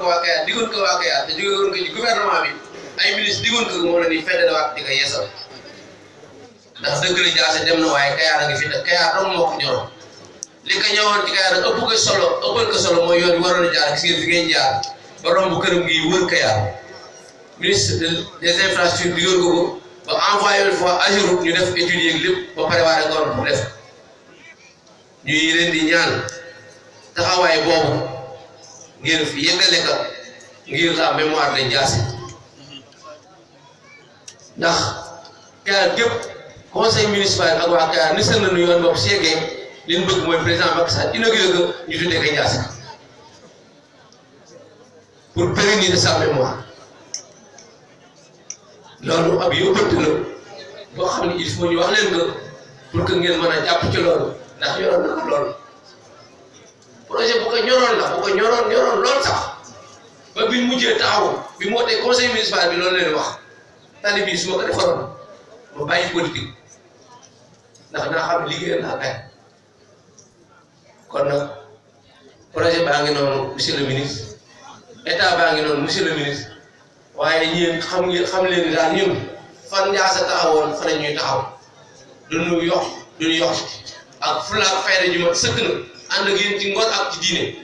waxoon ko waa Kayar diggoon ko waa Kayar te jógewoon ko ci gouvernement bi ay ministre diggoon ko moom la ni fedd waat di ko yeesal ndax dëgg la jaase dem na waaye Kayar a ngi fi Kayar dong moo ko ñoroon li ko ñëwoon ci Kayar ëpp ko solo ëppal ko solo mooy yoon bi waroon a jaar gis ngeen fi ngeen jaar ba romb këram gi wër Kayar ministre des infrastructures diggoon ko ko ba envoyé une fois Ageroute ñu def étudier ak lépp ba préparé góor pour def ñuy leen di ñaan taxawaay boobu. ngir yëngale ka ngir la mémoire de Ndiassé ndax Kayar gépp conseil municipal ak waa Kayar ni seen nañu yoon boobu su yeggee li bëgg mooy président Macky Sall inauguré ko ñu tuddee ko Ndiassé pour pérenniser sa mémoire loolu ab yóbbant la boo xam ne il faut ñu wax leen ko pour que ngeen mën a jàpp ci loolu ndax yoroon na ko loolu. ko ñoroon ñoroon lool sax ba bi mujjee taxaw bi moo tee conseil municipal bi loolu leen wax tali bii su ma defaroon ma bàyyi politique ndax naa xam liggéey naa kay kon nag projet baa ngi noonu monsieur le ministre état baa ngi noonu monsieur le ministre waaye ñeen xam ngeen xam leen ni daal ñun fan Ndiassa taxawoon fan la ñuy taxaw duñu yox duñu yox ak fulaak fayda ju mat sëkk na ak yéen ci ngor ak ci diine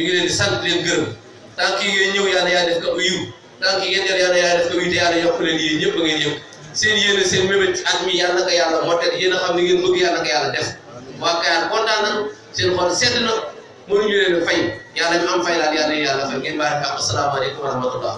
ñu ngi leen di sant leen gërëm tant que ngeen ñëw yàlla yaa def ko aw yiw tant que ngeen yor yàlla yaa def ko yiw te yàlla yokk leen yéen ñëpp a ngeen yëpp seen yéene seen mébét ci at mi yàlla nga yàlla mottet yéen a xam ni ngeen bëgg yàlla nga yàlla def waa Kayaar kontaan nañ seen xol sedd na mënuñu leen fay yàlla ñu am fay laal yàlla yàlla fay ngeen baal ak asalaamaaleykum wa rahmatullah